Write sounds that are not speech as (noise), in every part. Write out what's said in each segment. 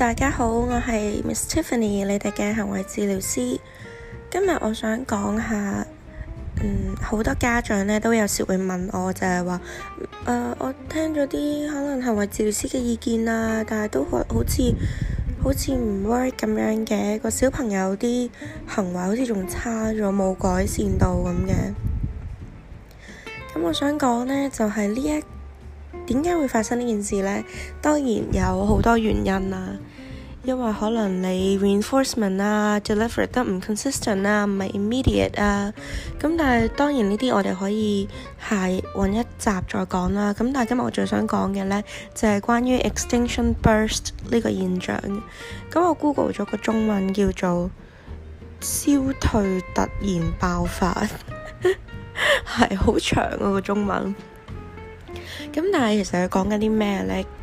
大家好，我係 Miss Tiffany，你哋嘅行為治療師。今日我想講下，嗯，好多家長呢都有時會問我，就係話，誒，我聽咗啲可能行為治療師嘅意見啊，但係都好好似好似唔 work 咁樣嘅，個小朋友啲行為好似仲差咗，冇改善到咁嘅。咁我想講呢，就係呢一，點解會發生呢件事呢？當然有好多原因啦。因為可能你 reinforcement 啊，deliver 得唔 consistent 啊，唔係 immediate 啊，咁、啊、但係當然呢啲我哋可以係揾一集再講啦。咁但係今日我最想講嘅呢，就係、是、關於 extinction burst 呢個現象。咁我 google 咗個中文叫做消退突然爆發，係 (laughs) 好長啊個中文。咁但係其實佢講緊啲咩呢？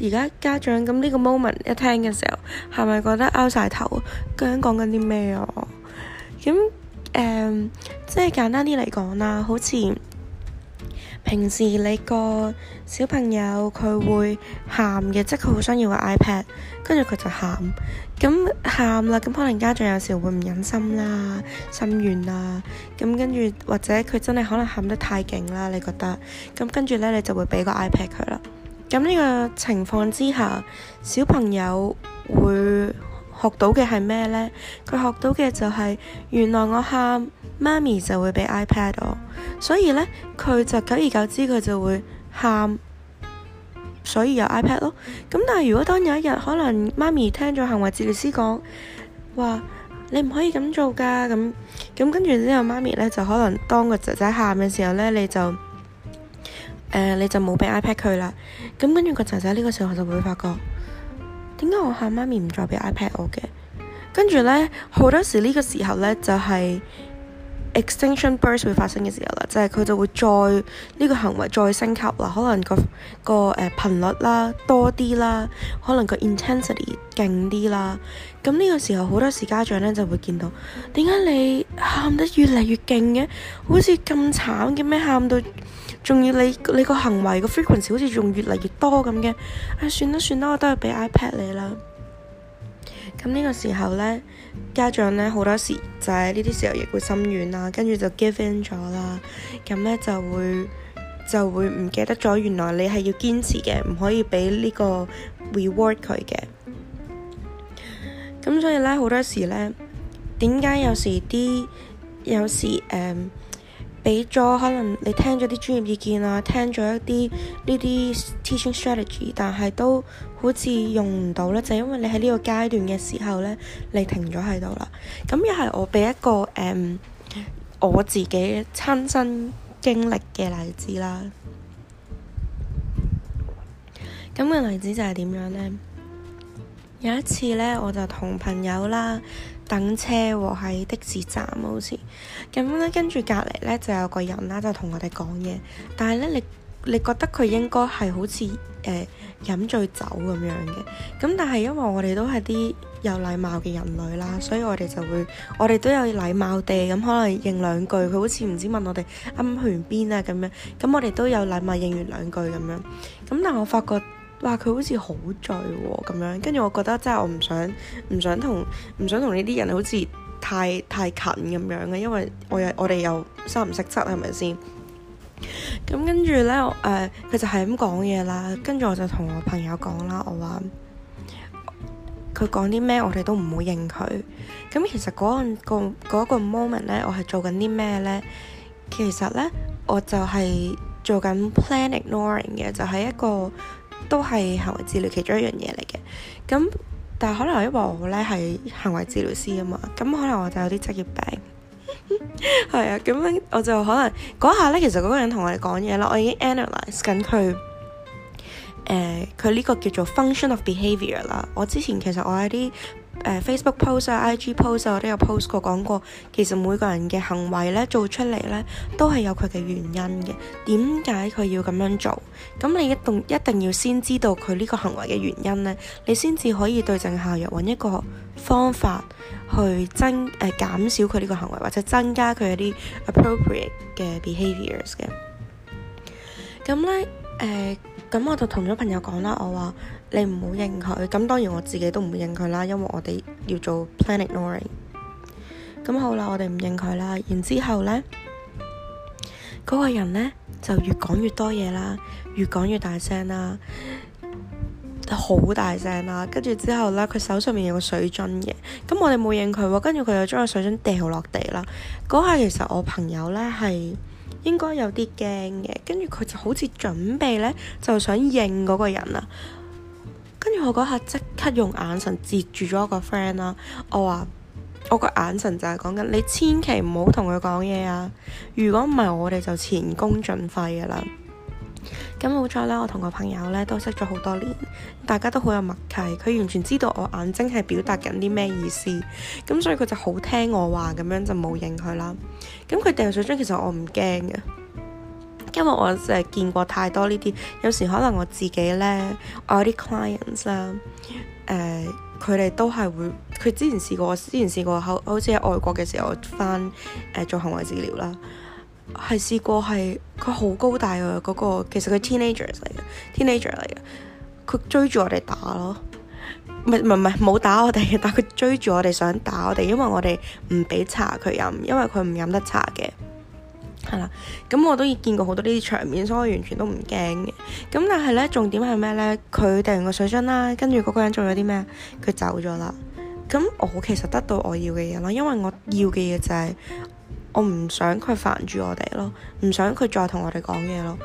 而家家長咁呢個 moment 一聽嘅時候，係咪覺得拗晒頭？究竟講緊啲咩啊？咁誒、嗯，即係簡單啲嚟講啦，好似平時你個小朋友佢會喊嘅，即係佢好想要個 iPad，跟住佢就喊，咁喊啦，咁可能家長有時會唔忍心啦，心軟啦，咁跟住或者佢真係可能喊得太勁啦，你覺得？咁跟住呢，你就會俾個 iPad 佢啦。咁呢個情況之下，小朋友會學到嘅係咩呢？佢學到嘅就係、是，原來我喊媽咪就會畀 iPad 我，所以呢，佢就久而久之佢就會喊，所以有 iPad 咯。咁但係如果當有一日，可能媽咪聽咗行為治療師講話，你唔可以咁做噶，咁咁跟住之後，媽咪呢就可能當個仔仔喊嘅時候呢，你就。誒、呃，你就冇俾 iPad 佢啦，咁跟住個仔仔呢個時候就會發覺，點解我喊媽咪唔再俾 iPad 我嘅？跟住呢，好多時呢個時候呢，就係、是、extinction burst 會發生嘅時候啦，就係、是、佢就會再呢、這個行為再升級、呃、啦、啦，可能個個誒頻率啦多啲啦，可能個 intensity 勁啲啦。咁呢個時候好多時家長呢就會見到，點解你喊得越嚟越勁嘅？好似咁慘嘅咩？喊到～仲要你你個行為個 frequency 好似仲越嚟越多咁嘅，啊算啦算啦，我都係畀 iPad 你啦。咁呢個時候呢，家長呢好多時就喺呢啲時候亦會心軟啦、啊，跟住就 give in 咗啦。咁呢就會就會唔記得咗，原來你係要堅持嘅，唔可以畀呢個 reward 佢嘅。咁所以呢，好多時呢，點解有時啲有時誒？嗯畀咗可能你聽咗啲專業意見啊，聽咗一啲呢啲 teaching strategy，但係都好似用唔到咧，就係因為你喺呢個階段嘅時候咧，你停咗喺度啦。咁又係我畀一個誒、um, 我自己親身經歷嘅例子啦。咁嘅例子就係點樣咧？有一次咧，我就同朋友啦等車喎，喺的士站好似咁咧，跟住隔離咧就有個人啦，就同我哋講嘢，但係咧你你覺得佢應該係好似誒飲醉酒咁樣嘅，咁但係因為我哋都係啲有禮貌嘅人類啦，所以我哋就會我哋都有禮貌地咁可能應兩句，佢好似唔知問我哋去完邊啊咁樣，咁我哋都有禮貌應完兩句咁樣，咁但我發覺。話佢好似好醉咁、哦、樣，跟住我覺得真係我唔想唔想同唔想同呢啲人好似太太近咁樣嘅，因為我，我又我哋又三唔識七係咪先？咁跟住呢，誒佢、呃、就係咁講嘢啦。跟住我就同我朋友講啦，我話佢講啲咩，我哋都唔會應佢。咁其實嗰、那個、那個那個、moment 呢，我係做緊啲咩呢？其實呢，我就係做緊 plan ignoring 嘅，就係、是、一個。都係行為治療其中一樣嘢嚟嘅，咁但係可能因為我咧係行為治療師啊嘛，咁可能我就有啲職業病，係 (laughs) 啊，咁我就可能嗰下咧，其實嗰個人同我哋講嘢啦，我已經 analyze 緊佢，誒、呃，佢呢個叫做 function of behavior 啦，我之前其實我喺啲。誒、uh, Facebook post 啊、uh，IG post 啊、uh，我都有 post 過講過，其實每個人嘅行為咧，做出嚟咧，都係有佢嘅原因嘅。點解佢要咁樣做？咁你一定一定要先知道佢呢個行為嘅原因咧，你先至可以對症下藥，揾一個方法去增誒、呃、減少佢呢個行為，或者增加佢一啲 appropriate 嘅 behaviors 嘅。咁咧誒，咁、呃、我就同咗朋友講啦，我話。你唔好應佢咁，當然我自己都唔會應佢啦，因為我哋要做 plan ignoring。咁好啦，我哋唔應佢啦。然之後呢，嗰個人呢就越講越多嘢啦，越講越大聲啦，好大聲啦。跟住之後呢，佢手上面有個水樽嘅，咁我哋冇應佢喎。跟住佢就將個水樽掉落地啦。嗰下其實我朋友呢係應該有啲驚嘅，跟住佢就好似準備呢，就想應嗰個人啦。我嗰下即刻用眼神截住咗一個 friend 啦，我話我個眼神就係講緊你千祈唔好同佢講嘢啊，如果唔係我哋就前功盡廢噶啦。咁冇錯啦，我同個朋友咧都識咗好多年，大家都好有默契，佢完全知道我眼睛係表達緊啲咩意思，咁所以佢就好聽我話，咁樣就冇應佢啦。咁佢掉水樽，其實我唔驚嘅。因為我誒見過太多呢啲，有時可能我自己咧，我有啲 clients 啦，誒佢哋都係會，佢之前試過，之前試過好，好似喺外國嘅時候，我翻誒做行為治療啦，係試過係佢好高大嘅嗰個，其實佢 teenagers 嚟嘅，teenager 嚟嘅，佢追住我哋打咯，唔係唔係冇打我哋嘅，但佢追住我哋想打我哋，因為我哋唔俾茶佢飲，因為佢唔飲得茶嘅。係啦，咁我都已見過好多呢啲場面，所以我完全都唔驚嘅。咁但係咧，重點係咩咧？佢掟完個水樽啦，跟住嗰個人做咗啲咩？佢走咗啦。咁我其實得到我要嘅嘢咯，因為我要嘅嘢就係我唔想佢煩住我哋咯，唔想佢再同我哋講嘢咯。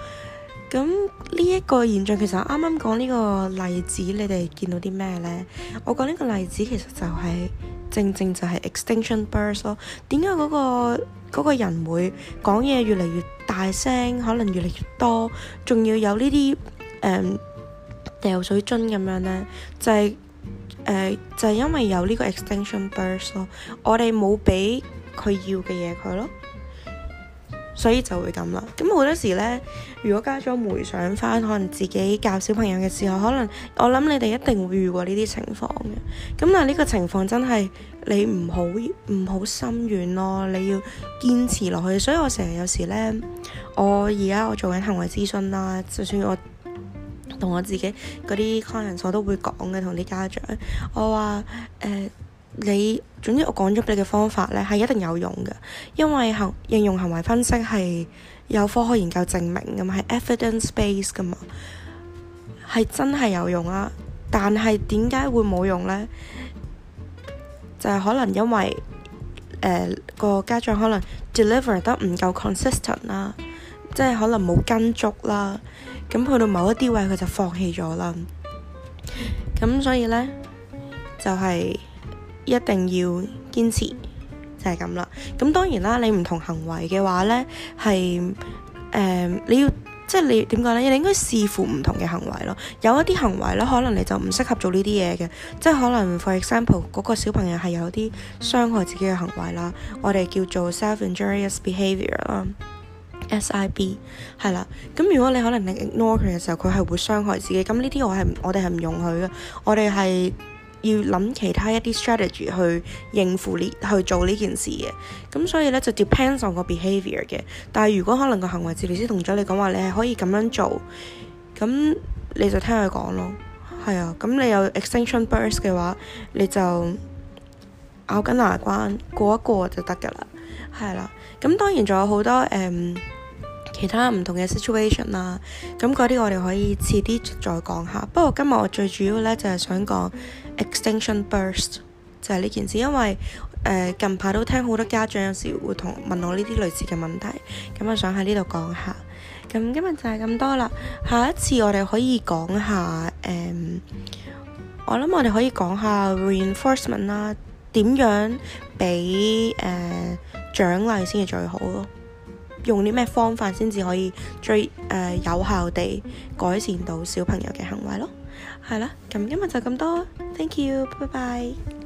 咁呢一個現象，其實啱啱講呢個例子，你哋見到啲咩咧？我講呢個例子其實就係、是。正正就係 extinction burst 咯，點解嗰個嗰個人會講嘢越嚟越大聲，可能越嚟越多，仲要有呢啲誒掉水樽咁樣呢？就係、誒、就係因為有呢個 extinction burst 咯，我哋冇俾佢要嘅嘢佢咯。所以就會咁啦。咁好多時呢，如果家長回想返，可能自己教小朋友嘅時候，可能我諗你哋一定會遇過呢啲情況嘅。咁但係呢個情況真係你唔好唔好心軟咯，你要堅持落去。所以我成日有時呢，我而家我做緊行為諮詢啦，就算我同我自己嗰啲 client，我都會講嘅，同啲家長，我話誒。呃你總之，我講咗俾你嘅方法咧，係一定有用嘅，因為行應用行為分析係有科學研究證明㗎嘛，係 evidence base 㗎嘛，係真係有用啦。但係點解會冇用咧？就係、是、可能因為誒個、呃、家長可能 deliver 得唔夠 consistent 啦，即係可能冇跟足啦，咁去到某一啲位佢就放棄咗啦。咁所以咧，就係、是。一定要堅持就係咁啦。咁當然啦，你唔同行為嘅話咧，係誒你要即係你點講咧？你應該視乎唔同嘅行為咯。有一啲行為咧，可能你就唔適合做呢啲嘢嘅。即係可能，for example，嗰個小朋友係有啲傷害自己嘅行為啦，我哋叫做 self-injurious behaviour 啦 （SIB）。係啦，咁如果你可能你 ignore 佢嘅時候，佢係會傷害自己。咁呢啲我係我哋係唔容許嘅，我哋係。要諗其他一啲 strategy 去應付呢去做呢件事嘅，咁所以呢，就 depends on 個 behaviour 嘅。但係如果可能個行為治療師同咗你講話，你係可以咁樣做，咁你就聽佢講咯。係啊，咁你有 extinction burst 嘅話，你就咬緊牙關過一過就得㗎啦。係啦、啊，咁當然仲有好多誒。Um, 其他唔同嘅 situation 啦，咁嗰啲我哋可以遲啲再講下。不過今日我最主要呢，就係、是、想講 extinction burst，就係呢件事，因為誒、呃、近排都聽好多家長有時會同問我呢啲類似嘅問題，咁啊想喺呢度講下。咁今日就係咁多啦，下一次我哋可以講下誒、呃，我諗我哋可以講下 reinforcement 啦，點樣俾誒獎勵先係最好咯。用啲咩方法先至可以最誒，呃，有效地改善到小朋友嘅行為咯，係啦，咁今日就咁多，thank you，拜拜。